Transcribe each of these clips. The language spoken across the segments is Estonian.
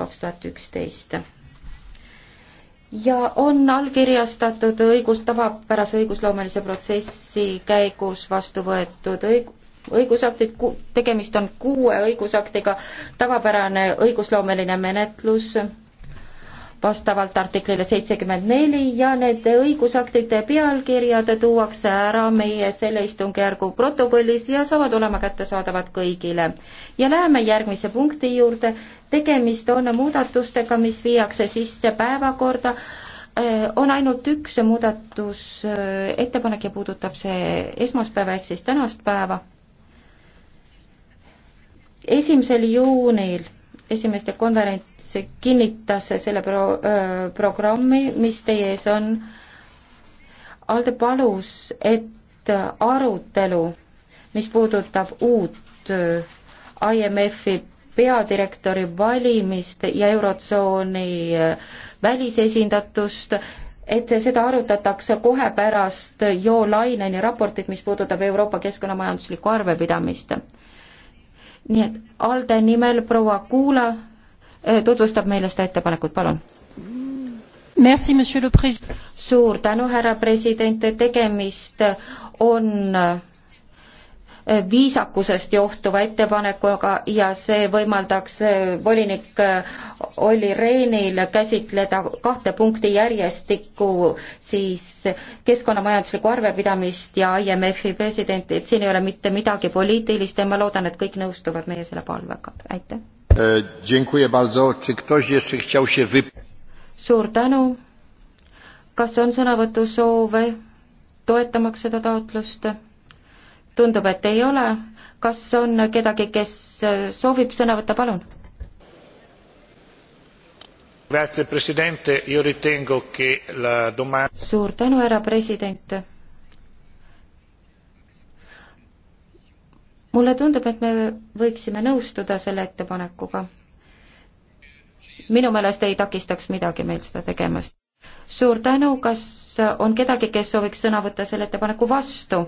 kaks tuhat üksteist. ja on allkirjastatud õigus, tavapärase õigusloomelise protsessi käigus vastu võetud õig-, õigusaktid, tegemist on kuue õigusaktiga, tavapärane õigusloomeline menetlus vastavalt artiklile seitsekümmend neli ja need õigusaktide pealkirjad tuuakse ära meie selle istungjärgu protokollis ja saavad olema kättesaadavad kõigile. ja läheme järgmise punkti juurde, tegemist on muudatustega, mis viiakse sisse päevakorda, äh, on ainult üks muudatusettepanek äh, ja puudutab see esmaspäeva ehk siis tänast päeva. esimesel juunil esimeeste konverents kinnitas selle pro-, programmi, mis teie ees on. Alde palus, et arutelu, mis puudutab uut IMF-i peadirektori valimist ja Eurotsooni välisesindatust, et seda arutatakse kohe pärast Jo Laineni raportit, mis puudutab Euroopa keskkonnamajanduslikku arvepidamist nii et ALDE nimel proua Kuula eh, tutvustab meile seda ettepanekut, palun. suur tänu, härra president, tegemist on eh, viisakusest johtuva ettepanekuga ja see võimaldaks eh, volinik eh, Olli Rehnil käsitleda kahte punkti järjestikku siis keskkonnamajanduslikku arvepidamist ja IMF-i presidenti, et siin ei ole mitte midagi poliitilist ja ma loodan, et kõik nõustuvad meie selle palvega, aitäh. E, suur tänu. kas on sõnavõtusoove toetamaks seda taotlust? tundub, et ei ole. kas on kedagi, kes äh, soovib sõna võtta, palun? suur tänu, härra president. mulle tundub, et me võiksime nõustuda selle ettepanekuga. minu meelest ei takistaks midagi meil seda tegemast. suur tänu, kas on kedagi, kes sooviks sõna võtta selle ettepaneku vastu?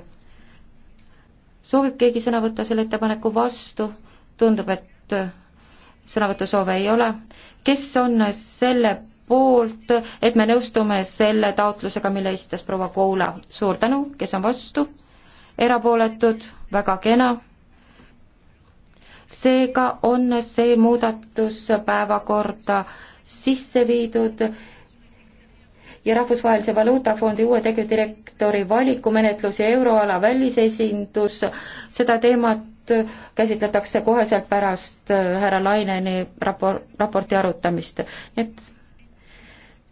soovib keegi sõna võtta selle ettepaneku vastu? tundub, et sõnavõtusoove ei ole. kes on selle poolt, et me nõustume selle taotlusega, mille esitas proua Koula? suur tänu, kes on vastu? erapooletud, väga kena. seega on see muudatus päevakorda sisse viidud ja Rahvusvahelise Valuutafondi uue tegevdirektori valikumenetlus ja euroala välisesindus, seda teemat käsitletakse koheselt pärast äh, härra Laineni rapor-, raporti arutamist. et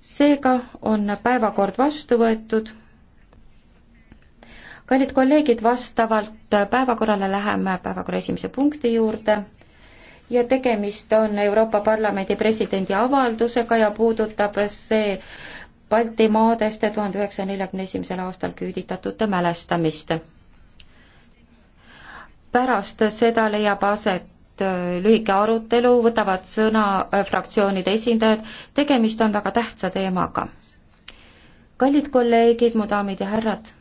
seega on päevakord vastu võetud, kallid kolleegid, vastavalt päevakorrale läheme päevakorra esimese punkti juurde ja tegemist on Euroopa Parlamendi presidendi avaldusega ja puudutab see Baltimaadest tuhande üheksasaja neljakümne esimesel aastal küüditatute mälestamist. pärast seda leiab aset äh, lühike arutelu, võtavad sõna äh, fraktsioonide esindajad, tegemist on väga tähtsa teemaga. kallid kolleegid, mu daamid ja härrad